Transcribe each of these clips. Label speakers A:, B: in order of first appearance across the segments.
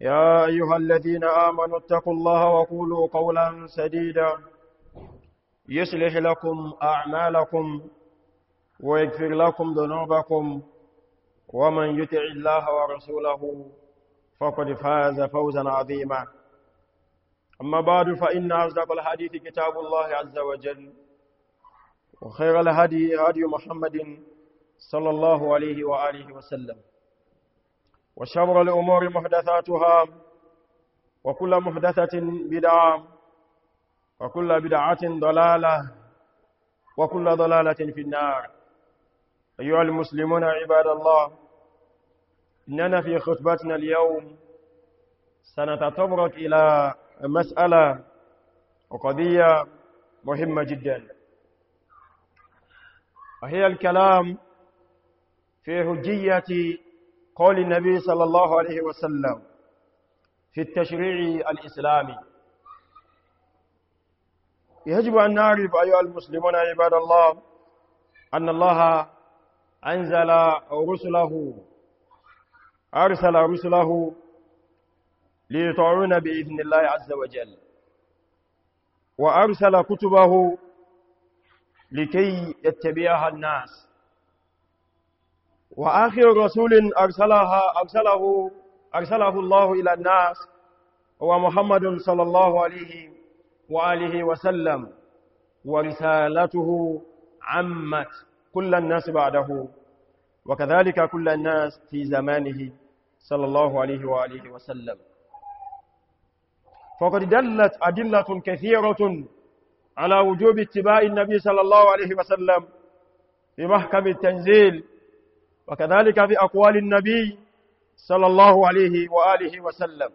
A: يا أيها الذين آمنوا اتقوا الله وقولوا قولا سديدا يصلح لكم أعمالكم ويغفر لكم ذنوبكم ومن يطع الله ورسوله فقد فاز فوزا عظيما أما بعد فإن أصدق الحديث كتاب الله عز وجل وخير الهدي هدي محمد صلى الله عليه وآله وسلم وشر الأمور محدثاتها وكل محدثة بدعة وكل بدعة ضلالة وكل ضلالة في النار أيها المسلمون عباد الله إننا في خطبتنا اليوم سنتطرق إلى مسألة وقضية مهمة جدا وهي الكلام في هجية قول النبي صلى الله عليه وسلم في التشريع الإسلامي يجب أن نعرف أيها المسلمون عباد الله أن الله أنزل رسله أرسل رسله ليطعون بإذن الله عز وجل وأرسل كتبه لكي يتبعها الناس وآخر رسول أرسلها أرسله, أرسله الله إلى الناس هو محمد صلى الله عليه وآله وسلم ورسالته عمت كل الناس بعده وكذلك كل الناس في زمانه صلى الله عليه وآله وسلم فقد دلت أدلة كثيرة على وجوب اتباع النبي صلى الله عليه وسلم في محكم التنزيل وكذلك في أقوال النبي صلى الله عليه وآله وسلم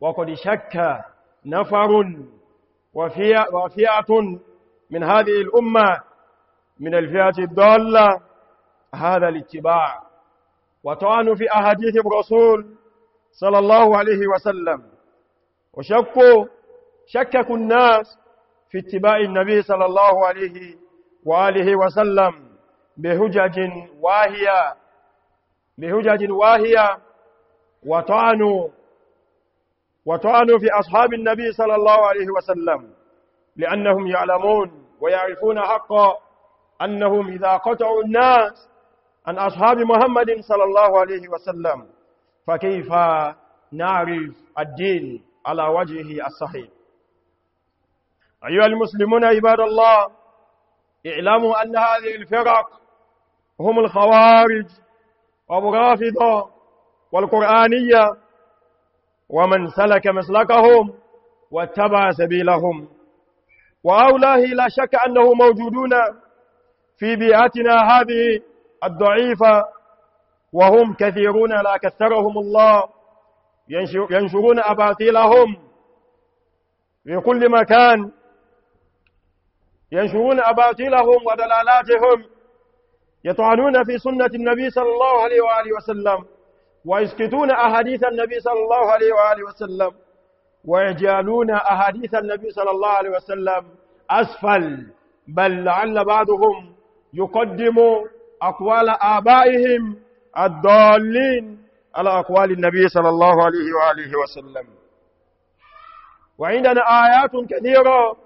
A: وقد شك نفر وفئة من هذه الأمة من الفئة الضالة هذا الاتباع وتعان في أحاديث الرسول صلى الله عليه وسلم وشكوا شككوا الناس في اتباع النبي صلى الله عليه وآله وسلم بهجج واهية بهجج واهية وطعنوا وطعنوا في أصحاب النبي صلى الله عليه وسلم لأنهم يعلمون ويعرفون حقا أنهم إذا قطعوا الناس عن أصحاب محمد صلى الله عليه وسلم فكيف نعرف الدين على وجهه الصحيح أيها المسلمون عباد الله اعلموا أن هذه الفرق هم الخوارج وابو رافضة والقرآنية ومن سلك مسلكهم واتبع سبيلهم وأولاه لا شك أنه موجودون في بيئتنا هذه الضعيفة وهم كثيرون لا كثرهم الله ينشرون أباطيلهم في كل مكان ينشرون أباطيلهم ودلالاتهم يطعنون في سنة النبي صلى الله عليه وآله وسلم ويسكتون أحاديث النبي صلى الله عليه وآله وسلم ويجعلون أحاديث النبي صلى الله عليه وسلم أسفل بل لعل بعضهم يقدم أقوال آبائهم الضالين على أقوال النبي صلى الله عليه وآله وسلم وعندنا آيات كثيرة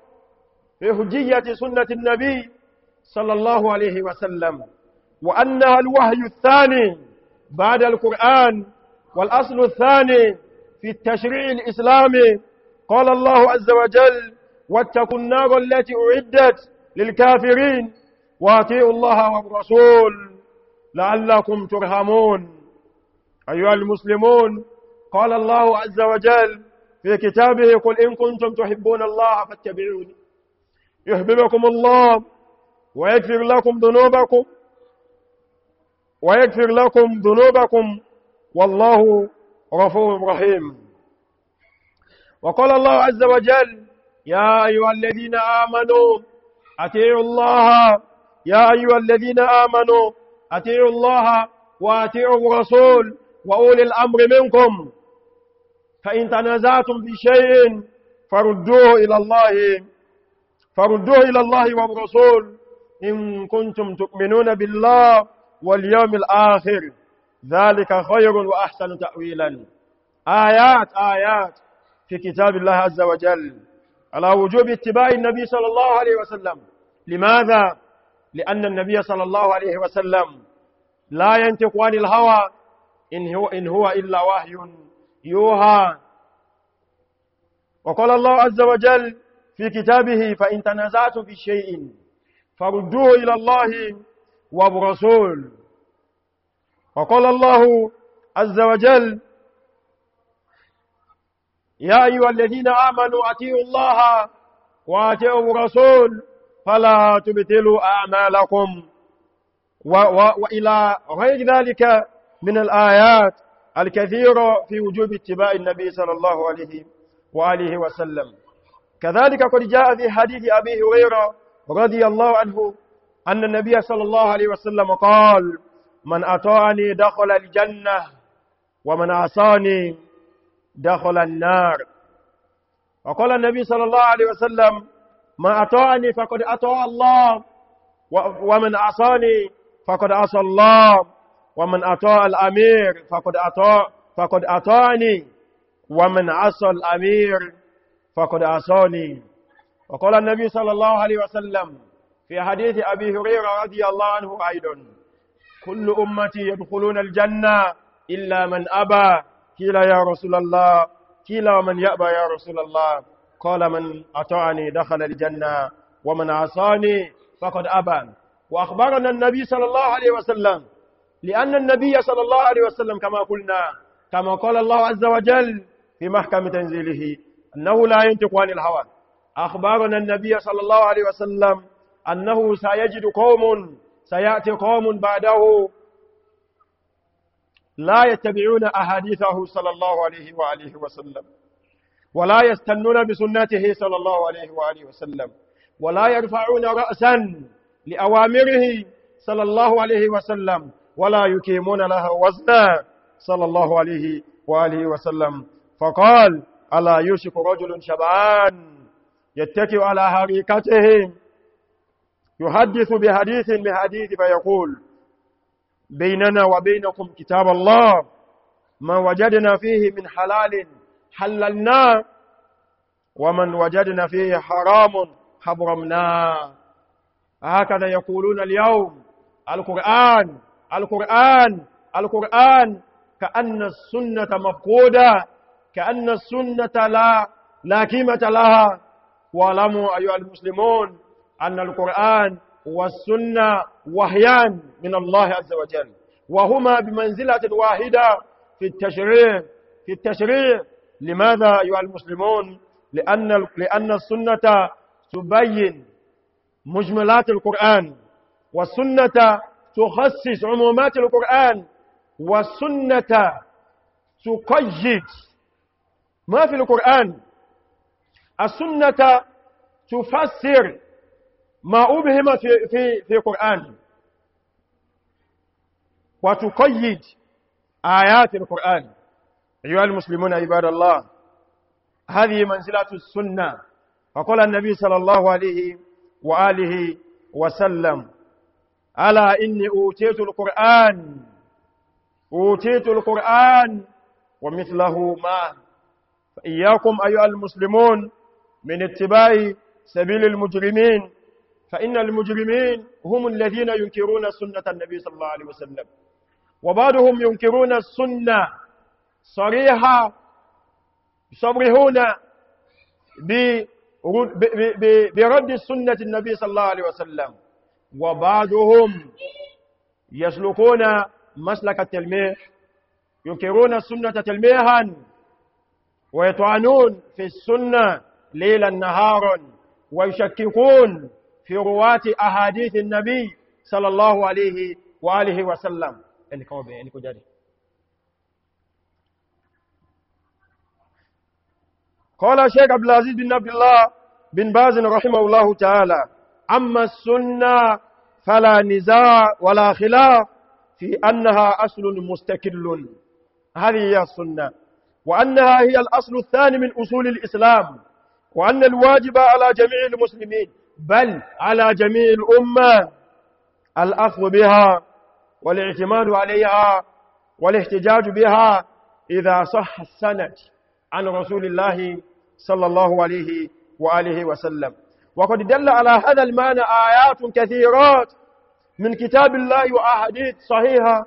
A: في هجية سنة النبي صلى الله عليه وسلم وأنها الوهي الثاني بعد القرآن والأصل الثاني في التشريع الإسلامي قال الله عز وجل واتقوا النار التي أعدت للكافرين واتيوا الله والرسول لعلكم ترهمون أيها المسلمون قال الله عز وجل في كتابه قل إن كنتم تحبون الله فاتبعوني يحببكم الله ويكفر لكم ذنوبكم ويغفر لكم ذنوبكم والله غفور رحيم وقال الله عز وجل يا أيها الذين آمنوا أتيعوا الله يا أيها الذين آمنوا أتيعوا الله وأتيعوا الرسول وأولي الأمر منكم فإن تنازعتم بشيء فردوه إلى الله فردوه إلى الله والرسول إن كنتم تؤمنون بالله واليوم الآخر ذلك خير وأحسن تأويلا آيات آيات في كتاب الله عز وجل على وجوب اتباع النبي صلى الله عليه وسلم لماذا؟ لأن النبي صلى الله عليه وسلم لا ينطق عن الهوى إن هو, إن هو إلا وحي يوها وقال الله عز وجل في كتابه فإن تنازعتم في شيء فردوه إلى الله وابو رسول وقال الله عز وجل يا أيها الذين آمنوا أتيوا الله وأتيوا الرسول فلا تبتلوا أعمالكم و و وإلى غير ذلك من الآيات الكثيرة في وجوب اتباع النبي صلى الله عليه وآله وسلم كذلك قد جاء في حديث أبي هريرة رضي الله عنه أن النبي صلى الله عليه وسلم قال من أطاني دخل الجنة ومن أصاني دخل النار وقال النبي صلى الله عليه وسلم من أطاني فقد أطاء الله ومن أصاني فقد أصى الله ومن أطاء الأمير فقد أطاء فقد أطاني ومن عصى الأمير فقد عصاني وقال النبي صلى الله عليه وسلم في حديث أبي هريرة رضي الله عنه أيضا كل أمتي يدخلون الجنة إلا من أبى قيل يا رسول الله قيل ومن يأبى يا رسول الله قال من أطعني دخل الجنة ومن عصاني فقد أبى وأخبرنا النبي صلى الله عليه وسلم لأن النبي صلى الله عليه وسلم كما قلنا كما قال الله عز وجل في محكم تنزيله أنه لا ينتقوان عن الهوى أخبرنا النبي صلى الله عليه وسلم أنه سيجد قوم سيأتي قوم بعده لا يتبعون أحاديثه صلى الله عليه وآله وسلم ولا يستنون بسنته صلى الله عليه وآله وسلم ولا يرفعون رأسا لأوامره صلى الله عليه وسلم ولا يكيمون لها وزنا صلى الله عليه وآله وسلم فقال ألا يوشك رجل شبعان يتكئ على حريكتهم يحدث بحديث بحديث فيقول بيننا وبينكم كتاب الله ما وجدنا فيه من حلال حللناه ومن وجدنا فيه حرام حبرمنا هكذا يقولون اليوم القرآن القرآن القرآن كأن السنة مفقودة كأن السنة لا لا كيمة لها واعلموا أيها المسلمون أن القرآن والسنة وحيان من الله عز وجل وهما بمنزلة واحدة في التشريع في التشريع لماذا أيها المسلمون لأن, لأن السنة تبين مجملات القرآن والسنة تخصص عمومات القرآن والسنة تقيد ما في القرآن السنة تفسر ما أبهم في, في, في القرآن وتقيد آيات القرآن أيها المسلمون عباد الله هذه منزلة السنة وقال النبي صلى الله عليه وآله وسلم ألا إني أوتيت القرآن أوتيت القرآن ومثله ما فإياكم أيها المسلمون من اتباع سبيل المجرمين فإن المجرمين هم الذين ينكرون سنة النبي صلى الله عليه وسلم وبعضهم ينكرون السنة صريحة يصبرهون برد سنة النبي صلى الله عليه وسلم وبعضهم يسلكون مسلك التلميح ينكرون السنة تلميحا ويطعنون في السنة ليلا نهارا ويشككون في رواة أحاديث النبي صلى الله عليه وآله وسلم قال شيخ عبد العزيز بن عبد الله بن باز رحمه الله تعالى أما السنة فلا نزاع ولا خلاف في أنها أصل مستكل هذه هي السنة وأنها هي الأصل الثاني من أصول الإسلام وأن الواجب على جميع المسلمين بل على جميع الأمة الأخذ بها والاعتماد عليها والاحتجاج بها إذا صح السند عن رسول الله صلى الله عليه وآله وسلم وقد دل على هذا المعنى آيات كثيرات من كتاب الله وأحاديث صحيحة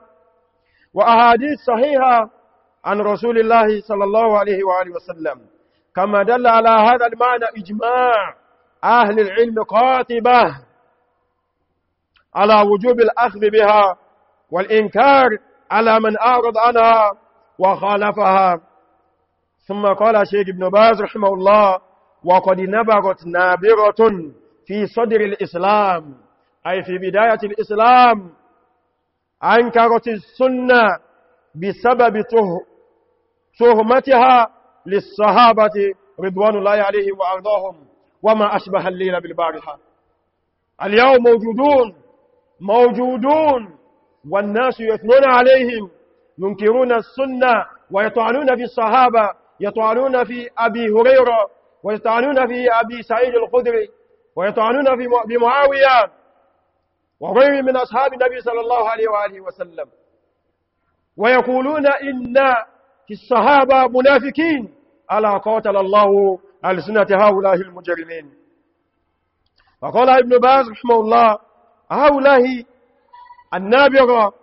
A: وأحاديث صحيحة عن رسول الله صلى الله عليه وآله وسلم كما دل على هذا المعنى إجماع أهل العلم قاطبة على وجوب الأخذ بها والإنكار على من أعرض عنها وخالفها ثم قال شيخ ابن باز رحمه الله وقد نبغت نابرة في صدر الإسلام أي في بداية الإسلام أنكرت السنة بسبب تهمتها للصحابة رضوان الله عليه وأرضاهم وما أشبه الليل بالبارحة اليوم موجودون موجودون والناس يثنون عليهم ينكرون السنة ويطعنون في الصحابة يطعنون في أبي هريرة ويطعنون في أبي سعيد الخدري ويطعنون في معاوية وغير من أصحاب النبي صلى الله عليه وآله وسلم ويقولون إن في الصحابة منافقين ألا قاتل الله ألسنة هؤلاء المجرمين وقال ابن باز رحمه الله هؤلاء النابغة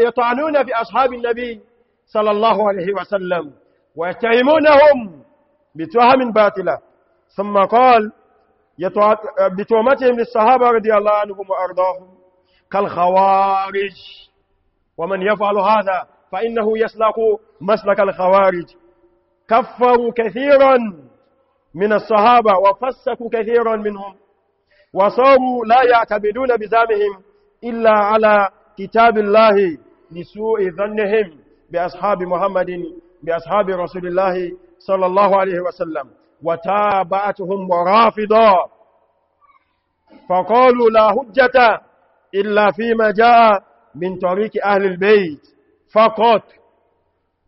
A: يطعنون في أصحاب النبي صلى الله عليه وسلم ويتهمونهم بتهم باطلة ثم قال بتهمتهم للصحابة رضي الله عنهم وأرضاهم كالخوارج ومن يفعل هذا فإنه يسلق مسلك الخوارج كفروا كثيرا من الصحابة وفسكوا كثيرا منهم وصاروا لا يعتبدون بزامهم إلا على كتاب الله لسوء ظنهم بأصحاب محمد بأصحاب رسول الله صلى الله عليه وسلم وتابعتهم ورافضا فقالوا لا هجة إلا فيما جاء من طريق أهل البيت فقط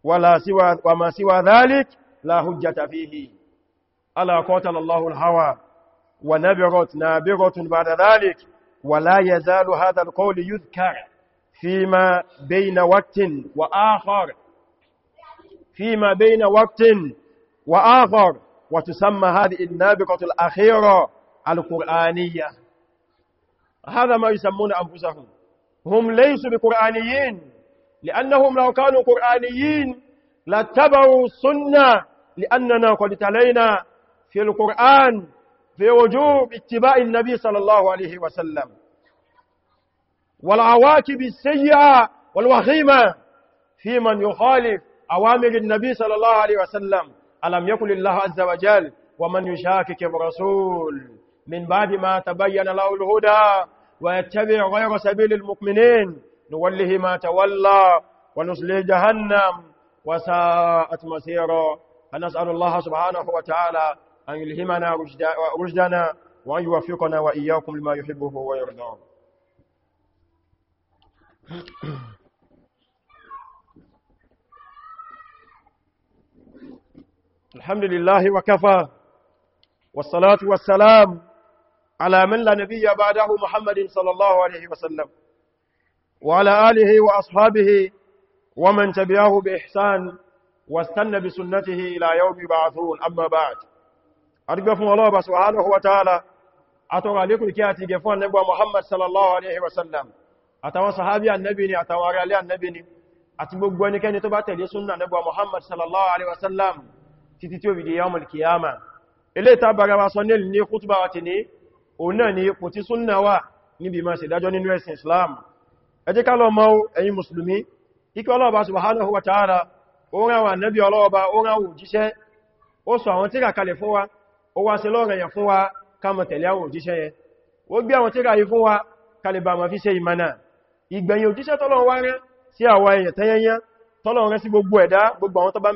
A: ولا سوى وما سوى ذلك لا حجة فيه ألا قتل الله الهوى ونبرت نابرة بعد ذلك ولا يزال هذا القول يذكر فيما بين وقت وآخر فيما بين وقت وآخر وتسمى هذه النابقة الأخيرة القرآنية هذا ما يسمون أنفسهم هم ليسوا بقرآنيين لأنهم لو كانوا قرآنيين لاتبعوا السنة لأننا قد تلينا في القرآن في وجوب اتباع النبي صلى الله عليه وسلم والعواكب السيئة والوخيمة في من يخالف أوامر النبي صلى الله عليه وسلم ألم يقل الله عز وجل ومن يشاكك برسول من بعد ما تبين له الهدى ويتبع غير سبيل المؤمنين نوله ما تولى ونصله جهنم وساءت مسيرا فنسأل الله سبحانه وتعالى أن يلهمنا رجدنا وأن يوفقنا وإياكم لما يحبه ويرضاه الحمد لله وكفى والصلاة والسلام على من لا نبي بعده محمد صلى الله عليه وسلم وعلى آله وأصحابه ومن تبعه بإحسان واستنى بسنته إلى يوم بعثون أما بعد أرجو الله سبحانه وتعالى أتوقع لكم كياتي جفوان نبوى محمد صلى الله عليه وسلم أتوى صحابي النبي ني أتوى رالي النبي ني أتبقوا نكين تباتي لسنة نبوى محمد صلى الله عليه وسلم تتتوى في يوم الكيامة إلي تابر وصنل لني خطبة وتني ونني قتي سنة وني بما سيداجون نويس الإسلام ẹjẹ́ ká lọ mọ̀ ẹ̀yin mùsùlùmí ikẹ́ ọlọ́ọ̀bá subhanahu wa ta'ala ó rán wa nẹ́bí ọlọ́ọ̀bá ó rán òjíṣẹ́ ó sọ àwọn tíra kalẹ̀ fún wa ó wá sí lọ́rẹ̀ yẹn fún wa ká máa tẹ̀lé àwọn òjíṣẹ́ yẹn ó gbé àwọn tíra yìí fún wa kalẹ̀ bá ma fi ṣe ìmánà ìgbẹ̀yìn òjíṣẹ́ tọ́lọ́run wá rán sí àwa èèyàn tẹ́yẹnyẹ tọ́lọ́run rán sí gbogbo ẹ̀dá gbogbo àwọn tó bá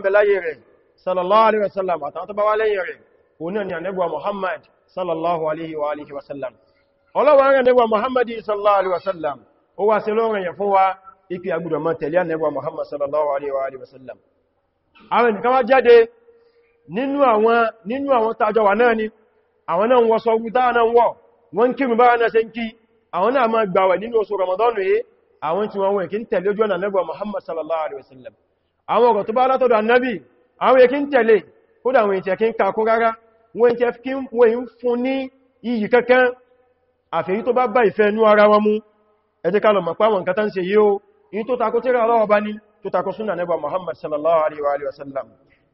A: sallallahu alaihi wa alihi wasallam ọlọ́wọ́ rán anẹ́gbà Muhammad sallallahu alaihi wasallam ó wá sí lọ́rọ̀ yẹ fún wa ipi agbùdọ̀ mọ́ tẹ̀lé ànẹ́bà Muhammad sallallahu alaihi wa sallam àwọn ni àwọn náà wọ́n sọ́gbù táà náà wọ́ wọ́n kí mi bá náà ṣe ń kí àwọn náà máa gbàwẹ̀ nínú oṣù Ramadanu yìí àwọn tí wọ́n ń tẹ̀lé ojú ọ̀nà nẹ́bà Muhammad sallallahu alaihi wa sallam àwọn ọ̀rọ̀ tó bá látọ̀dọ̀ annabi àwọn yẹ kí ń tẹ̀lé kódà wọ́n ìtẹ̀ kí ń kakó rárá wọ́n ìtẹ̀ kí fún ní iyì kankan àfẹ́yí tó bá bá ìfẹ́ nú ara wọn mú ẹjẹ́ ká lọ mọ̀ pàwọn nǹkan tán ṣe yí ó in tó takò tíra ọlọ́wọ́ bá ní tó takò súnà nẹ́bà Muhammad sallallahu alaihi wasallam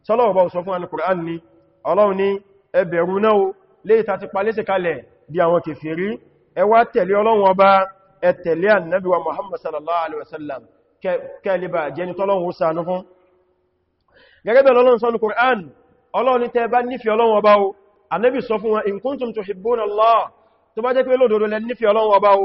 A: sọ́lọ́wọ́ bá sọ fún al-Qur'an ni ọlọ́run ni ẹbẹ̀rú náà lè ta ti palẹ́sẹ̀ kalẹ̀ di àwọn kèfèrí ẹ wá tẹ̀lé ọlọ́run ọba ẹ tẹ̀lé annabi wa Muhammad sallallahu alaihi wasallam kẹlẹ̀bà jẹni tọ́lọ́run ó sànú fún gẹ́gẹ́ bẹ̀rẹ̀ ọlọ́run sọ́nù Qur'an ọlọ́run tẹ́ bá nífẹ̀ẹ́ ọlọ́run ọba o annabi sọ fún wa in kuntum tuhibbuna Allah tó bá jẹ́ pé lódodo lẹ nífẹ̀ẹ́ ọlọ́run ọba o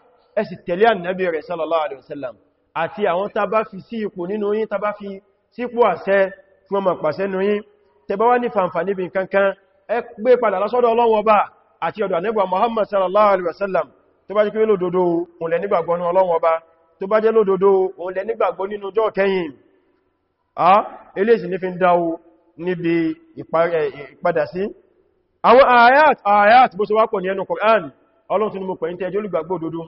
A: ẹ sì tẹ̀lé ànábì rẹ̀ sallallahu alaihi wasallam àti àwọn tàbá fi sí ipò nínú yín tàbá fi sípò àṣẹ fún ọmọ pàṣẹ nínú yín tẹbá wá ní fàǹfà níbi kankan ẹ gbé padà lásọ́dọ̀ Ọlọ́run Ọba àti ọ̀dọ̀ ànábì Muhammad sallallahu alaihi wasallam tó bá jẹ́ pé lódodo òun lẹ nígbàgbọ́ nínú Ọlọ́run Ọba tó bá jẹ́ lódodo òun lẹ nígbàgbọ́ nínú ọjọ́ kẹyìn a eléyìí ní fi ń dáwó níbi ìpadà sí àwọn ayat bó ṣe wá pọ̀ ní ẹnu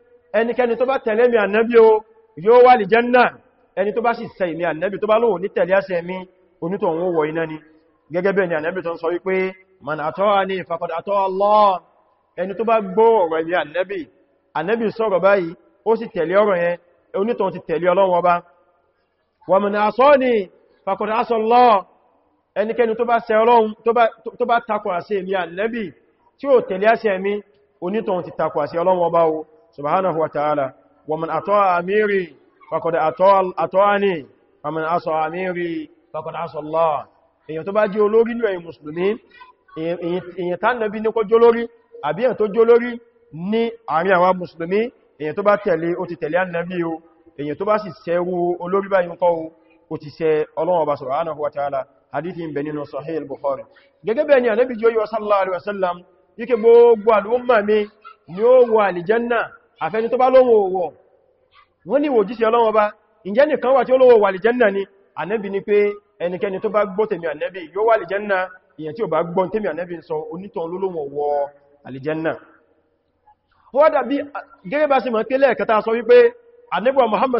A: ẹnikẹ́ni tó bá tẹ̀lé mi ànábí o yóò wà lí jánnà ẹni tó bá sì ṣẹ̀ ìmì ànábí tó bá lóò ní tẹ̀lé àṣẹ mi onítọ̀hún wọ iná ni gẹ́gẹ́ bẹ́ẹ̀ ni ànábí tó ń sọ wípé man ata'ani faqad ata'a Allah ẹni tó bá gbọ́ ọ̀rọ̀ ìmì ànábí ànábí sọ̀rọ̀ báyìí ó sì tẹ̀lé ọ̀rọ̀ yẹn onítọ̀hún ti tẹ̀lé Ọlọ́run ọba wa Allah ẹnikẹ́ni tó bá ṣẹ̀ Ọlọ́run tó bá takọ̀ àṣẹ ìmì ànábí tí ó tẹ̀lé àṣẹ mi onítọ̀hún ti takọ̀ àṣẹ Ọlọ́run ọba o subhanahu wa ta'ala wa man ata'a amiri faqad ata'ani wa man asa'a amiri faqad asa Allah èyàn tó bá jẹ́ olórí ní ẹ̀yin mùsùlùmí èyàn tá nàbí ní kó jólórí àbí èyàn tó jólórí ní àárín àwa mùsùlùmí èyàn tó bá tẹ̀lé ó ti tẹ̀lé ànàbí o èyàn tó bá sì sẹ́rú olórí báyìí kọ́ ó ti sẹ Ọlọ́run Ọba subhanahu wa ta'ala hadithi ń bẹ Sahih al-Bukhari gẹ́gẹ́ bẹ́ẹ̀ ni ànábì jọ yíwa sallallahu alaihi wasallam yíke gbogbo al'umma mi ni ó wà alìjanna àfẹni tó bá lóhun òwò wọ́n ní wò jíṣẹ́ ọlọ́wọ́ bá ǹjẹ́ nìkan wà tí ó lówó wà lìjẹ́nà ni ànẹ́bì ni pé ẹnikẹ́ni tó bá gbọ́ tèmi ànẹ́bì yóò wà lìjẹ́nà ìyẹn tí ó bá gbọ́ tèmi ànẹ́bì sọ onítàn lólóhun wọ àlìjẹ́nà ó wá dàbí bá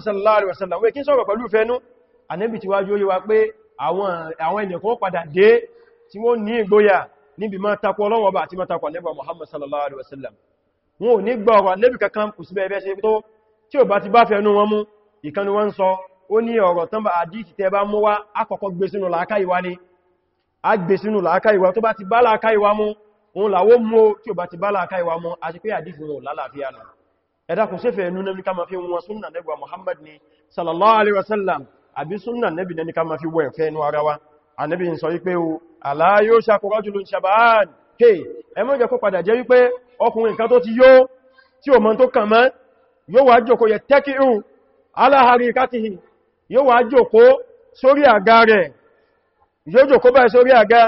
A: sallallahu alaihi wasallam wé kí n sọ̀rọ̀ pẹ̀lú fẹ́nu ànẹ́bì ti wájú yíwa pé àwọn ènìyàn padà dé tí wọ́n ní ìgboyà àti máa takọ ànẹ́bì Muhammad sallallahu alaihi wasallam wọn ò ní gbọ́ ọ̀rọ̀ lẹ́bì kankan kù sí bẹ́ẹ̀ ṣe tó tí ò bá ti bá fẹ́nu wọn mú ìkanu wọn sọ ó ní ọ̀rọ̀ tán bá àdíìsì tẹ́ bá mú wá àkọ́kọ́ gbé sínú làákà ìwá ni a gbé sínú làákà Muhammad ni sallallahu alaihi wasallam àbí súnnà nẹ́bí nẹ́bí ká ma fi wọ ẹ̀fẹ́ inú ara wa a ẹ má jẹ́ kó padà jẹ́ wípé ọkùnrin kan tó ti yó tí ò mọ̀ tó kàn mọ́ yóò wá jòkó yẹ tẹ́kìrù aláhàrí kákìhì yóò wá jòkó sórí àga rẹ̀ yóò jòkó báyìí sórí àga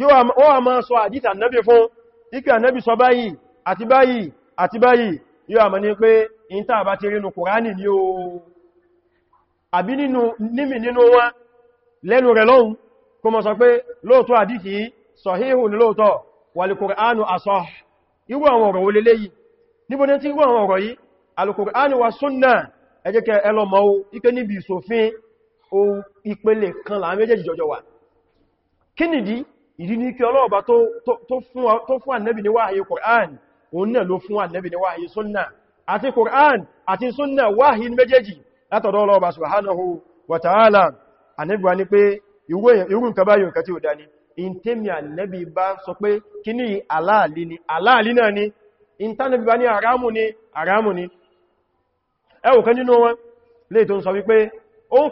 A: yóò wá máa sọ àdíta nẹ́bì fún ikẹ́ ànẹ́bì sọ báyìí àti báyìí àti báyìí yóò àmọ́ wal-Qur'ānu aṣaḥ irú àwọn ọ̀rọ̀ olélé yìí níbo ní tí irú àwọn ọ̀rọ̀ yìí al-Qur'ānu wa sunnah ẹjẹ́kẹ́ ẹlọ́mọ́ ipé níbi ìṣòfin ìpele kan láàrín méjèèjì jọjọ wà kí nìdí ìdí ní kí ọlọ́ọ̀bá tó fún ànẹ́bì ní wáhàyí Qur'an òun náà ló fún ànẹ́bì ní wáhàyí sunnah àti Qur'an àti sunnah wáhàyí méjèèjì látọ̀dọ̀ ọlọ́ọ̀bá subhanahu wa ta'ala ànẹ́bì wa pe pé irú nǹkan báyìí nǹkan tí ó dání in tèmi ba so pe kini kí ní aláàlì ni aláàlì náà ni in tánàbì ni ní àrámù ni àrámù ni ẹwù kan nínú won le tó so sọ wípé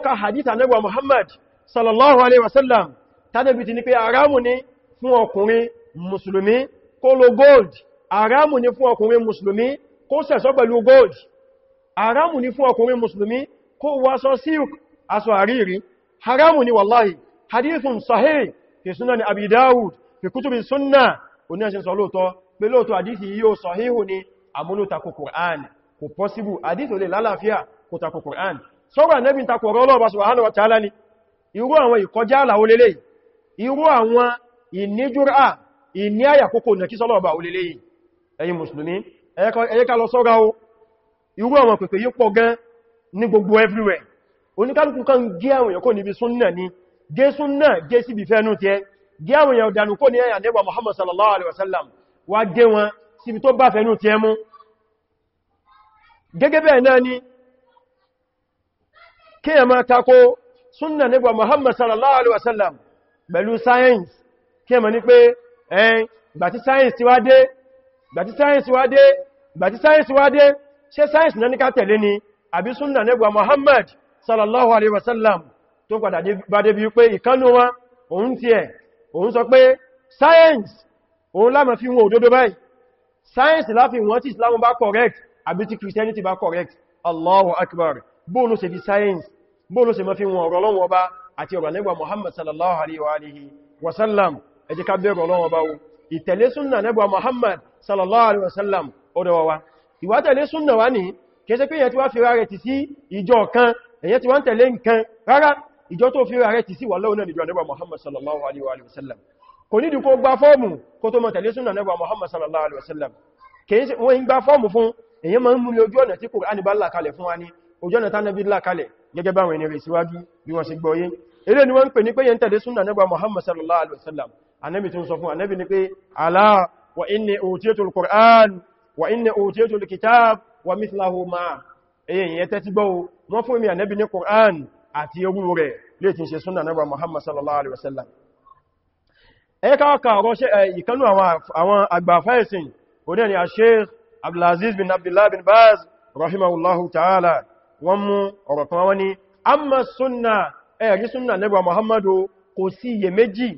A: ka hadith anẹ́gbà Muhammad sallallahu alaihi wasallam tánàbì ti ní pé àrámù ni fun okunrin musulmi ko lo gold àrámù ni fún ọkùnrin musulmi kó sẹ̀sọ́ pẹ̀lú gold àrámù ni fun okunrin musulmi ko wọ aṣọ silk aso àríri haramu ni wallahi hadithun sahih fi ni abi dawud fi kutubi sunna oní ẹ̀ṣin sọ lóòtọ́ pé lóòtọ́ àdísì yíó sọ̀híhù ni àmúlò takò Qur'an kò pọ́síbù àdísì olè lálàáfíà kò takò Qur'an sọ́rọ̀ ànẹ́bí takò ọ̀rọ̀ Ọlọ́run subhanahu wa ta'ala ni irú àwọn ìkọjá àlàó lélẹ̀ irú àwọn ìníjúrà ìní àyàkókò nàkí sọ́lọ́ọ̀bà olélẹ̀ yìí ẹ̀yin mùsùlùmí ẹ̀yẹ́ ká lọ sọ́ra o everywhere oníkálùkù kan gé àwọn èèyàn kò níbi ni gé súnnà gé síbi fẹ́nú tí ẹ gé àwọn èèyàn dànù kó ní ẹ̀yà nẹ́gbà Muhammad sallallahu alaihi wasallam wá gé wọn síbi tó bá fẹ́nú tí ẹ mú gẹ́gẹ́ bẹ́ẹ̀ náà ni kíyà máa takó súnnà nẹ́gbà Muhammad sallallahu alaihi wasallam pẹ̀lú sáyẹ́nsì kíyà máa ní pé ẹn gbàtí sáyẹ́nsì wá dé gbàtí sáyẹ́nsì wá dé gbàtí sáyẹ́nsì wá dé ṣe sáyẹ́nsì náà ní ká tẹ̀lé ni àbí súnnà nẹ́gbà Muhammad sallallahu alaihi wasallam tó padà bá débi pé ìkánú wọn òun ti ẹ̀ òun sọ pé science òun lámọ̀ fi wọn òdodo báyìí science láfi wọn tí Islam bá correct àbí tí Christianity bá correct Allahu Akbar bóòlù se fi science bóòlù se mọ́ fi wọn ọ̀rọ̀ lọ́wọ́ àti ọ̀rọ̀ Muhammad sallallahu alaihi wasallam ẹ jẹ́ ká bẹ̀rẹ̀ lọ́wọ́ bá wo Muhammad sallallahu wasallam ọdọ̀wọ̀ wa ìwà tẹ̀lé súnnà wá ní kẹsẹ́ pé yẹn ti wá fi rárẹ̀ ti sí ìjọ kan èyẹ ti wá ń tẹ̀lé nǹkan rárá ìjọ tó fi rẹ̀ ti sí wà lọ́wọ́ náà nìjọ ànábì Muhammad sallallahu alaihi wasallam kò nídìí kó gba fọ́ọ̀mù kó tó mọ̀ tẹ̀lé súnà ànábì Muhammad sallallahu alaihi wasallam kìí sí wọ́n ń gba fọ́ọ̀mù fún èyí ma ń mú ojú ọ̀nà tí Kùránì bá là kalẹ̀ fún wa ní ojú ọ̀nà tánàbí là kalẹ̀ gẹ́gẹ́ bá wọn ènìyàn síwájú bí wọ́n sì gbọ́yé eré ni wọ́n ń pè ní pé yẹn tẹ̀lé súnà ànábì Muhammad sallallahu àti ewu rẹ̀ lè tí ń ṣe súnà náà Muhammad sallallahu alaihi wasallam ẹ̀yẹ́ káwàkà rọ́ṣẹ́ ìkanú àwọn àgbàfẹ́ẹ̀sìn oní ni Sheikh Abdulaziz bin Abdullah bin Baz rahimahullahu ta'ala wọ́n mú ọ̀rọ̀ kan wọ́n ni amma súnà Muhammadu kò sí iyèméjì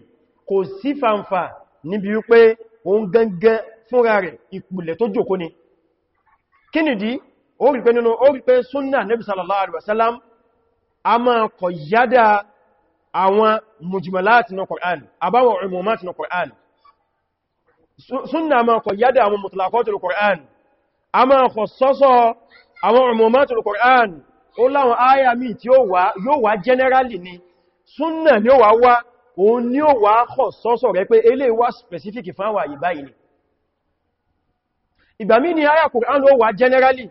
A: fanfa níbi wípé òun gangan fúnra rẹ̀ ìpìlẹ̀ tó jòkó ni kí nìdí ó rí pé nínú ó rí pé súnà náà sallallahu a máa kọ̀ yádá àwọn mujmaláti na Qur'an àbáwọn umumáti na Qur'an sunna máa kọ̀ yádá àwọn mutlaqatul Qur'an a máa kọ̀ sọ́sọ́ àwọn umumátul Qur'an ó láwọn áyà mi tí yóò wá generally ni sunna ni ó wá wá òun ni ó wá kọ̀ sọ́sọ́ rẹ̀ pé elé wá generally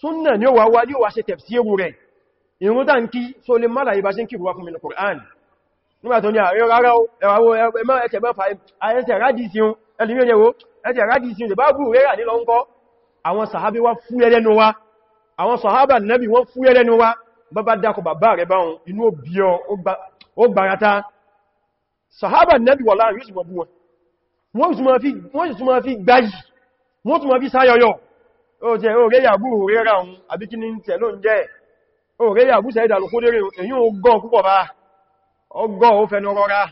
A: sunna ni ó wá wá ní ó rẹ̀ ìrún tàn kí so lè mọ́lá ìbá sí ń kìrùwá fún mi ní Qur'an nígbà tó ní ààrẹ ah, rárá ẹwàwó ẹmọ́ ẹ̀kẹ̀ mẹ́fà ẹ̀ẹ́sẹ̀ rádìsíun ẹlùmí ẹ̀yẹ̀wó ẹ̀ẹ́sẹ̀ rádìsíun lè bá bú rẹ́rà nílọ ń kọ́ àwọn sàhábí wá fúyẹ́ lẹ́nu wa àwọn sàhábà nẹ́bì wọ́n fúyẹ́ lẹ́nu wa bàbá dákọ bàbá rẹ̀ báhùn inú òbí ó gbárata sàhábà nẹ́bì wà láàrin yóò bú wọn wọ́n sì máa fi gbáyì wọ́n sì máa fi sáyọyọ ó jẹ́ ó rẹ́yà bú rẹ́rà àbíkí ní òré àbúsẹ̀ ìdàlù kó dérè èyí ò gọ́ púpọ̀ bá ọgọ́ ó fẹnu rọra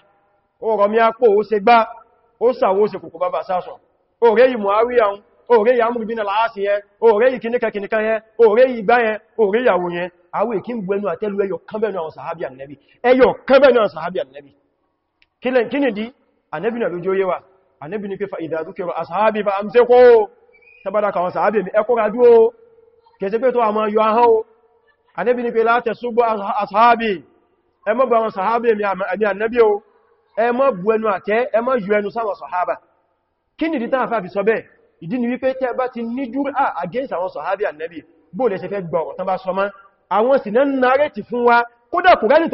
A: ó rọ mí àpò ó ṣe gbá ó sàwó ṣe kòkò bàbà sásọ̀ òré yìí Muawiya yàun òré yìí amúrùbí na láásì yẹn òré yìí kíníkẹkìníkẹ yẹn òré yìí gbá yẹn òré yàwó yẹn àwọn èkí ń gbẹnu àtẹ́lú ẹyọ kan bẹ́ẹ̀ náà sàhábí ànẹ́bí ni di ànẹ́bí náà ni pé fa ìdàdúkẹrọ àsàhábí fa amsẹ́kọ́ tabbada kàwọn sàhábí mi ẹkọ́ra dúó kẹsẹ́ pé tó àmọ́ yọ ahọ́n anẹ́bí ni pé látẹ̀ súgbọ́ asáábì ẹ má bú àwọn sàhábì mi àmì ànẹ́bí o ẹ má bú ẹnu àtẹ́ ẹ má yọ ẹnu sáwọn sàhábà kí ni ìdí tààfà fi sọ bẹ́ẹ̀ ìdí ni wípé tẹ́ bá ti ní júrà against àwọn sàhábì ànẹ́bí bó lè ṣe fẹ́ gbọ́ ọ̀tán bá sọ mọ́ àwọn sì náà narẹ́tì fún wa kódà kùránì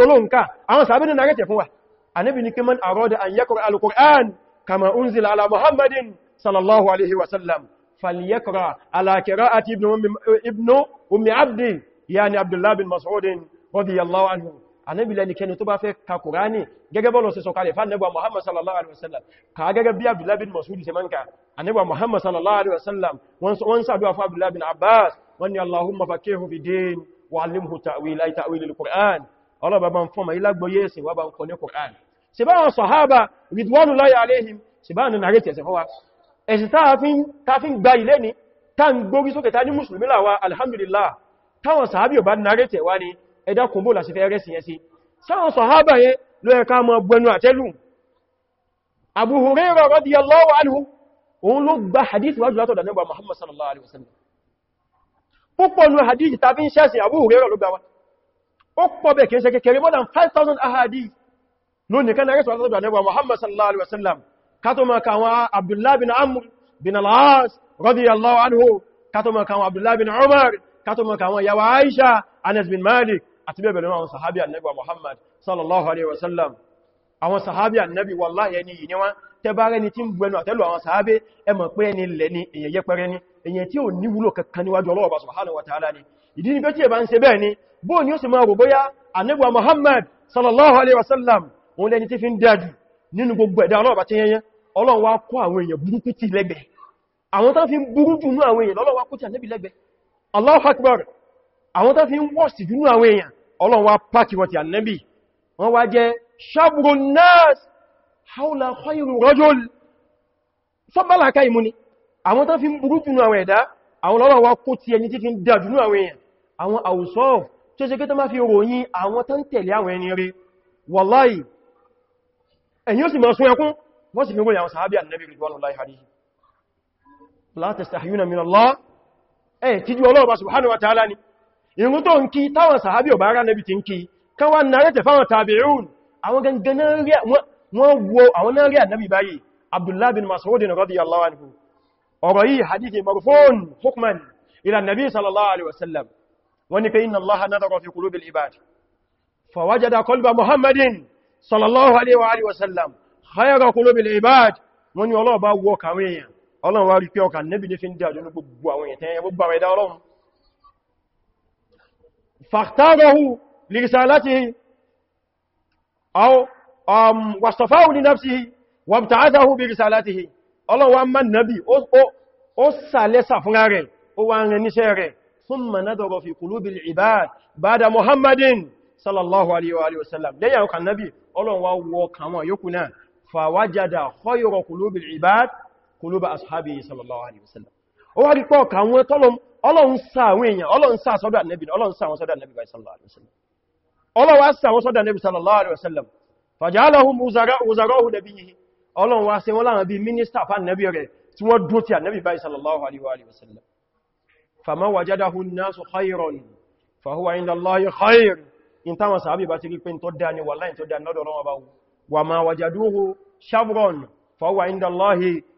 A: yani abdullahi bin mas'udin radiyallahu anhu ànábì lẹ́ni kẹni tó bá fẹ́ ka kùránì gẹ́gẹ́ bọ́lọ̀ sí sọ̀kalẹ̀ fánàbà muhammad sallallahu alaihi wasallam ka gẹ́gẹ́ bí abdullahi bin mas'ud ṣe mọ́nka ànábì muhammad sallallahu alaihi wasallam wọ́n sàdúwà fún abdullahi bin abbas wọ́n ni allahumma faqihu fi din wa allimhu ta'wila ta'wilil qur'an ọlọ́ba bá ń fọ́mà ilágbóyé sí wà bá ń kọ́ ní qur'an ṣe bá wọn sọ̀hábà ridwanullahi alaihim ṣe bá wọn nàrí tẹ̀sẹ̀ fọ́wà ẹ̀sìn táàfin gba ilé ni tá ń gbórí sókè tá ní musulmi láwa alhamdulillah táwọn sàábí ò bá narẹ́tẹ̀ wá ní ẹ̀dá kùnbó láti fẹ́ rẹ̀ síyẹn sí sáwọn sàhábà yẹn ló yẹ ká mọ gbẹnu àtẹ́lù Abu Hurairah radiyallahu anhu òun ló gba hadith wájú látọ̀dà nẹ́gbà Muhammad sallallahu alaihi wasallam púpọ̀ ló hadith tàbí ń ṣẹ́sìn Abu Hurairah 5,000 ahadith ló nìkan narẹ́tẹ̀ wájú látọ̀dà nẹ́gbà Muhammad sallallahu alaihi wasallam kátó ma kàwọn Abdullah bin Amr bin al-As radiyallahu anhu kátó ma kàwọn Abdullah bin Umar kátó maka wọn yawa Aisha Anas bin Malik àti bẹ́ẹ̀ bẹ̀rẹ̀ àwọn sahabi annabi wa Muhammad sallallahu alaihi wasallam àwọn sahabi annabi wallahi ẹni yìí ni wọ́n tẹ bá rẹni tí ń bu ẹnu àtẹ́lù àwọn sahabi ẹ mọ̀ pé ẹni lẹ̀ ni èyàn yẹpẹrẹ ni èyàn tí ò ní wúlò kankan níwájú Ọlọ́run Ọba subhanahu wa ta'ala ni ìdí ni bẹ́tí ẹ̀bá ń ṣe bẹ́ẹ̀ ni bóò ni ó sì máa rò Allahu Akbar àwọn tó fi ń wọ́sì jùnú àwọn èèyàn ọlọ́run wá pàtí wọ́n ti annabi wọ́n wá jẹ́ ṣàbùrù nas haula khayru rajul sọ́bálàká ìmú ni àwọn tó fi ń burú jùnú àwọn ẹ̀dá àwọn ọlọ́run wá kó ti ẹni tí fi ń dà jùnú àwọn èèyàn àwọn àwùsọ́ tó ṣe kí tó má fi ròyìn àwọn tó ń tẹ̀lé ẹ̀ tí ju ọlọ́ọ̀bá subhanahu wa ta'ala ni irun tó ń kí táwọn sàábí ọ̀bá ara nẹ́bí ti ń kí kan wá náà rẹ̀tẹ̀ fáwọn tàbí'ún àwọn gangan náà rí àwọn náà rí ànábì báyìí abdullah bin masudin radiyallahu anhu ọ̀rọ̀ yìí hadithi marfon hukman ila nabi sallallahu alaihi wasallam wani pe inna allaha nadara fi qulubil ibad fawajada qalba muhammadin sallallahu alaihi wa alihi wasallam khayra qulubil ibad wani ọlọ́ọ̀bá wọ kàwéyàn ọlọ́run wá rí pé ọkà nẹ́bì ní fi ń dí àjọ ní gbogbo àwọn èèyàn tẹ́yẹ gbogbo àwọn ẹ̀dá ọlọ́run fàtàrọ̀hù lìrìsà láti wàstọ̀fáhù ní náfsí wàbtàádáhù bìrìsà láti ọlọ́run wá mọ́ nẹ́bì ó sàlẹ́sà fúnra rẹ̀ ó wá rẹ̀ níṣẹ́ quluba ashabihi sallallahu alaihi wasallam ó wá rí pọ́ kàwọn tọ́lọ́m ọlọ́run sá àwọn èèyàn ọlọ́run sá sọ́dọ̀ ànẹ́bì ọlọ́run sá àwọn sọ́dọ̀ ànẹ́bì sallallahu alaihi wasallam ọlọ́run wá sá àwọn sọ́dọ̀ ànẹ́bì sallallahu alaihi wasallam fajalahum wuzara'u nabiyhi ọlọ́run wá ṣe wọ́n láwọn bí mínísítà fún ànẹ́bì rẹ̀ tí wọ́n dúró ti ànẹ́bì báyìí sallallahu alaihi wasallam fama wajadahu an-nasu khayran fahuwa inda Allahi khayr in táwọn sàábì bá ti rí pé tó dá ní wàláyìn tó dá ní ọdọ̀ bá wà ma wajaduhu shabran fahuwa inda Allahi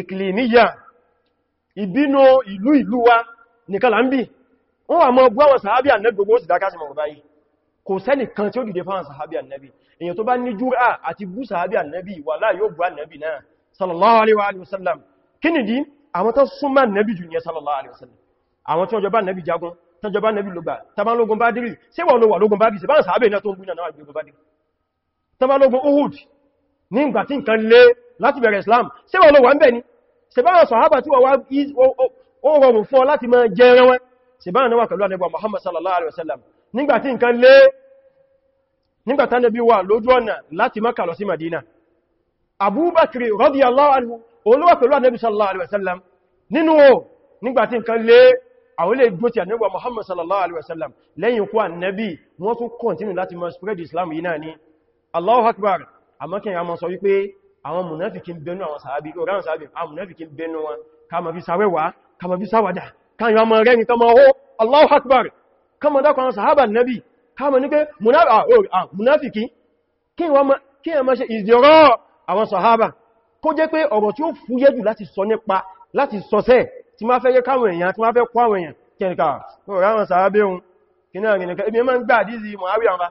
A: ìkìlìníyà ìbínú ìlú ìlú wa nìkan là ń bí wọ́n wà mọ́ bú àwọn sàábí ànẹ́bì gbogbo ó sì dáká sí mọ̀rọ̀ báyìí kò sẹ́nì kan tí ó dìde fáwọn sàábí ànẹ́bì èyàn tó bá ní júrà àti bú sàábí ànẹ́bì wà láà yóò bú ànẹ́bì náà sallallahu alaihi wa sallam kí nìdí àwọn tó súnmọ́ ànẹ́bì jù ní sallallahu alaihi wa sallam àwọn tí wọ́n jọba ànẹ́bì jagun tó jọba ànẹ́bì lógbà tàbá lógun Badiri ṣé wọ́n ló wà lógun Badiri ṣe bá sàábì náà tó ní ìgbà tí nǹkan lé láti bẹ̀rẹ̀ Islam ṣe wọ́n ló wà ń bẹ̀ ni ṣebáwọn sọ̀hábà tí wọ́n rọrùn fún ọ láti máa jẹ ẹran wọn ṣebáwọn náà wà pẹ̀lú ànẹ́bà Muhammad sallallahu alaihi wasallam nígbà tí nǹkan lé nígbà tí Ànábì wà lójú ọ̀nà láti Mákà lọ sí Madina Abubakar radiyallahu anhu òun ló wà pẹ̀lú Ànábì sallallahu alaihi wasallam nínú o nígbà tí nǹkan lé àwọn ilé ìgbó ti Ànábì Muhammad sallallahu alaihi wasallam lẹ́yìn ikú Ànábì wọ́n tún kọ̀ntínú láti máa spread Islam yìí náà ni Allahu akbar àmọ́kí ya mọ́ sọ wípé àwọn mùnáfikí ń bẹnu àwọn sàábí ọ̀rá àwọn sàábí àwọn mùnáfikí ń bẹnu wọn kama fi sáwẹ́wà kama fi sáwàdà káyọ ọmọ rẹ̀ nìkan mọ́ Allahu Akbar kama dákọ̀ sàábà nabi kama ní pé mùnáfikí kí wọ́n mọ́ ṣe ìdírọ́ àwọn sàábà kó jẹ́ pé ọ̀rọ̀ tí ó fúyẹ́ jù láti sọ nípa láti sọsẹ́ tí máa fẹ́ yẹ káwọn èèyàn tí máa fẹ́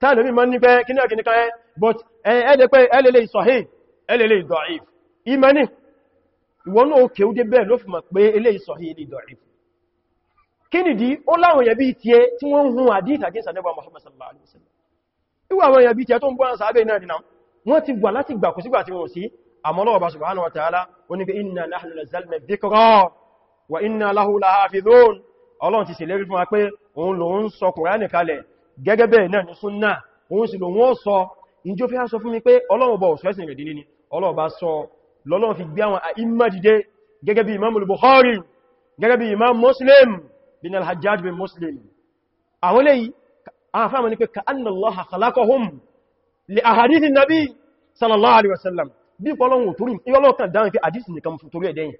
A: tààlẹ̀ rí ma ní pé kí ní ọkì nìkan ẹ́ but ẹ́dẹ̀ pé ẹlẹ́lẹ́ sahih ẹlẹ́lẹ́ da'if ìmẹ́ni ìwọ̀n náà òkè ó dé bẹ́ẹ̀ ló fi mọ̀ pé ẹlẹ́ sahih ẹlẹ́ da'if kí nìdí ó láwọn yẹ̀bí tí ẹ tí wọ́n ń hun hadith against Ànábì Muhammad sallallahu alaihi wasallam ìwọ̀ àwọn yẹ̀bí tí ẹ tó ń bọ́n sàábẹ̀ náà dìna wọ́n ti gbà láti gbà kò sígbà gẹ́gẹ́ bẹ́ẹ̀ náà ní súnnà òun sì lò wọ́n sọ ìjọ fẹ́ sọ fún mi pé ọlọ́run bọ̀ ṣẹ́sìn rẹ̀ dínní ọlọ́run bá sọ lọ́lọ́run fi gbé àwọn àìmà gẹ́gẹ́ bí imam Bukhari gẹ́gẹ́ bí imam Muslim bin al-Hajjaj bin Muslim àwọn lèyí àfáàmà ní pé ka anna Allaha khalaqahum li ahadithi nabi sallallahu alaihi wasallam bí pọ́lọ́run torí ìwọ́lọ́ kan dáhùn fi àdísì nìkan torí ẹ̀dẹ́yìn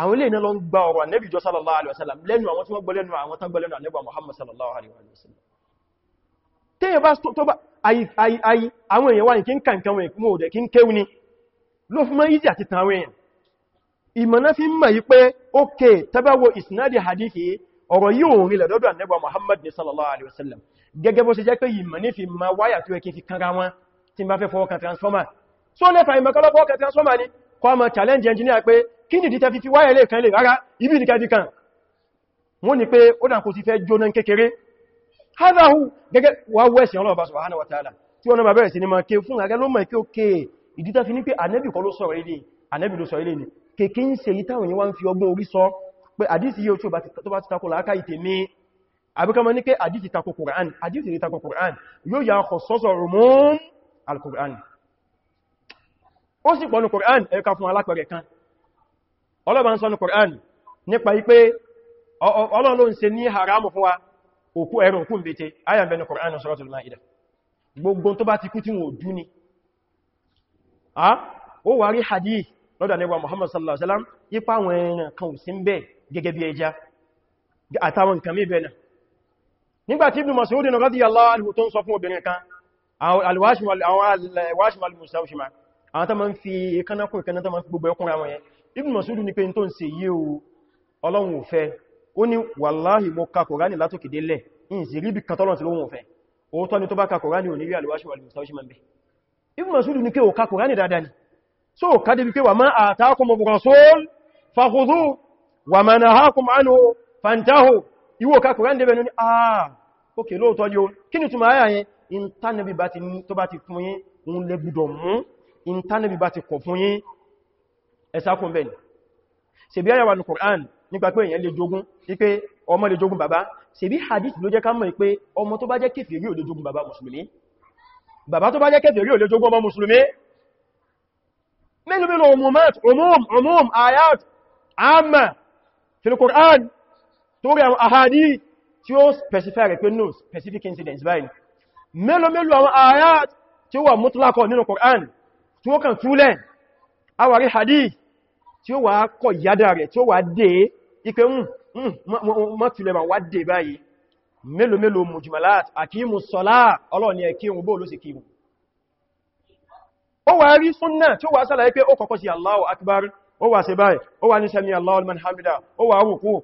A: àwọn ilé iná lọ ń gba ọ̀rọ̀ ànẹ́bìjọ sallallahu alaihi wasallam lẹ́nu àwọn tí wọ́n gbọ́ lẹ́nu àwọn tán gbọ́ lẹ́nu ànẹ́bà Muhammad sallallahu alaihi wasallam tẹ́yìn bá tó bá ayi àwọn èèyàn wá ní kí ń kà nǹkan wọn ìkúmò òdẹ̀ kí ń kéwú ni ló fi mọ́ ìjì àti tàwọn èèyàn ìmọ̀ná fi mọ̀ yí pé ókè tàbáwò ìsìnádì hadithi ọ̀rọ̀ yíò rílẹ̀ lọ́dọ̀ Muhammad ní sallallahu alaihi wasallam gẹ́gẹ́ bó ṣe jẹ́ pé ìmọ̀ ní fi ma wáyà tó ẹkí fi kanra wọn tí ma fẹ́ fọwọ́kan transformer so lẹ́fà ìmọ̀kọ́lọ́ fọwọ́kan ni kọ́ ma challenge engineer pé kí ni dìtẹ́ fi hádá hù gẹ́gẹ́ wà wẹ́sìn ọlọ́ọ̀bá subhanahu wa ta'ala tí wọ́n bá bẹ̀rẹ̀ sí ni ma ké fún àgẹ́ ló mọ̀ kí ó ké ìdítà fi ní pé ànẹ́bì kọ́ ló sọ̀rọ̀ ilé ànẹ́bì ló sọ ilé ni kèké ń ṣe yí táwọn yíwá ń fi ọgbọ́n orí sọ pé àdísì yóò tó bá ti takò láákà ìtẹ̀ mi àbíkà mọ́ ní pé àdísì takò Qur'an àdísì rí takò Qur'an yóò yà ọkọ̀ sọ́sọ̀ rùmún al-Qur'an ó sì pọ̀nù Qur'an ẹ̀ka fún alápẹ̀rẹ̀ kan ọlọ́bàá ń sọ́nù Qur'an nípa ipé ọlọ́run ló ń ṣe ní haramu fún wa òkú ẹ̀rùn kún bète ayà bẹnu Kùránì Suratul Ma'idah gbogbo tó bá ti kú tí wọ́n dú ni a ó wà rí hadith lọ́dọ̀ Ànábì Muhammad sallallahu alaihi wasallam ipa àwọn ẹran kan ò sí ń bẹ gẹ́gẹ́ bí ẹja àtàwọn nǹkan mí bẹ̀nà nígbàtí Ibn Mas'ud radiyallahu anhu tó ń sọ fún obìnrin kan àwọn tó ma ń fi ìkanákùn ìkaná tó ma ń fi gbogbo ó ní wàláhì mo ka kòránì látòkè délẹ̀ in sì ríbi katọ́lọ̀ tí lóhun ọ̀fẹ́ òótọ́ ni tó bá ka kòránì ò ní rí alwáṣí wà so ka débi pé wà máa àtàkùn mọ̀ rasul fàkùzú wà máa na hákùn ánú fantahu ìwọ ka kòránì débẹ̀ ní àà ókè lóòtọ́ yóò kí ni túnmọ̀ ayà yẹn intanabi bá ti tó bá ti kọ̀ fún yín ẹ̀sákùn ṣe bí ayà ní kòránì nípa pé èyàn lè jogún wípé ọmọ lè jogún bàbá ṣe bí hadith ló jẹ́ ká mọ̀ pé ọmọ tó bá jẹ́ kèfèrí ò lè jogún bàbá mùsùlùmí bàbá tó bá jẹ́ kèfèrí ò lè jogún ọmọ mùsùlùmí mélòó mélòó umumat umum umum ayat amma fil Qur'an tó rí àwọn ahadith tí ó specify rẹ̀ pé no specific incidents báyìí mélòó mélòó àwọn ayat tí ó wà mutlakọ̀ nínú Qur'an tí ó kàn túlẹ̀ awàrí hadith tí ó wà kọ̀ yádà rẹ̀ tí ó wà dé ipé mọ́ tilẹ̀ ma wá dé báyìí mélòó mélòó mujmalat àkíyìmù sọ́lá ọlọ́ni ẹ̀kíyìmù bóòlù sí kíyìmù ó wà rí súnnà tí ó wà sálàyé pé ó kọ́kọ́ sí Allahu akbar ó wà ṣe báyìí ó wà ní sami Allahu liman hamida ó wà rúkú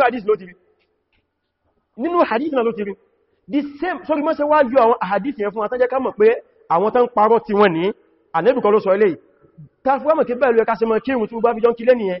A: hadith ló ti rí nínú hadith náà ló the same sórí mọ́ ṣe wá yọ àwọn hadith yẹn fún àtẹ́jẹ́ ká mọ̀ pé àwọn tán parọ́ ti wọ́n ní ànẹ́bùkọ́ ló sọ eléyìí ta fúwàmọ̀ kí bẹ́ẹ̀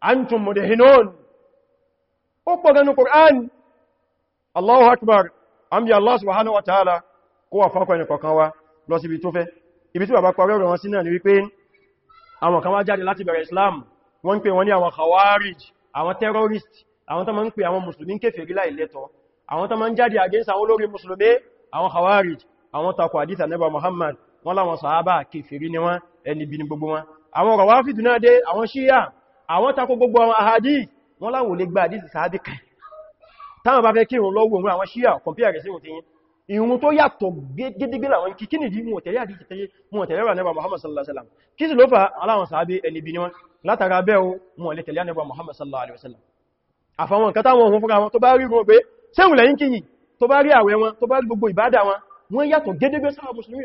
A: antum mudahinun ó pọ̀ ganu Qur'an Allahu akbar ambi Allah subhanahu wa ta'ala kó wà fákọ̀ ẹni kọ̀kan wa lọ sí ibi tó fẹ́ ibi tí bàbá parí ọ̀rọ̀ wọn sí náà ni wípé àwọn kan wá jáde láti bẹ̀rẹ̀ Islam wọ́n pè wọ́n ní àwọn khawarij àwọn terrorist àwọn tó ma ń pè àwọn musulmi kèfèrí láì lẹ́tọ̀ àwọn tó ma ń jáde against àwọn olórí musulmi àwọn khawarij àwọn takò àdíta nẹ́bà Muhammad wọ́n láwọn sàábà kèfèrí ni wọ́n ẹni bí ni gbogbo wọn àwọn ọ̀rọ̀ wáfìdì náà Shia àwọn takò gbogbo àwọn ahadi wọ́n láwọn lè gba àdísì sáàdì kan táwọn bá fẹ́ kí ìrùn lọ́wọ́ òun àwọn ṣíyà kọmpíà rẹ̀ sí òun ti yìn ìrùn tó yàtọ̀ gédígbé láwọn kí kíni dí mú Muhammad sallallahu alaihi wasallam kí sì ló fà aláwọn sàábé ẹni bí níwọ́n látara bẹ́ o mú Muhammad sallallahu alaihi wasallam àfàwọn kan táwọn ohun fúnra wọn tó bá rí wọn pé sẹ́wùn lẹ́yìn kí yìí tó bá rí àwẹ̀ wọn tó bá rí gbogbo ìbádà wọn wọ́n yàtọ̀ gédégbé sáwọn musulmi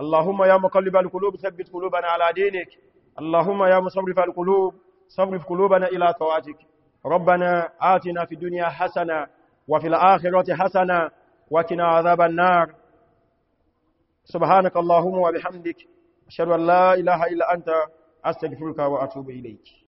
A: اللهم يا مقلب القلوب ثبت قلوبنا على دينك اللهم يا مصرف القلوب صرف قلوبنا إلى طواتك ربنا آتنا في الدنيا حسنة وفي الآخرة حسنة وكنا عذاب النار سبحانك اللهم وبحمدك أشهد أن لا إله إلا أنت أستغفرك وأتوب إليك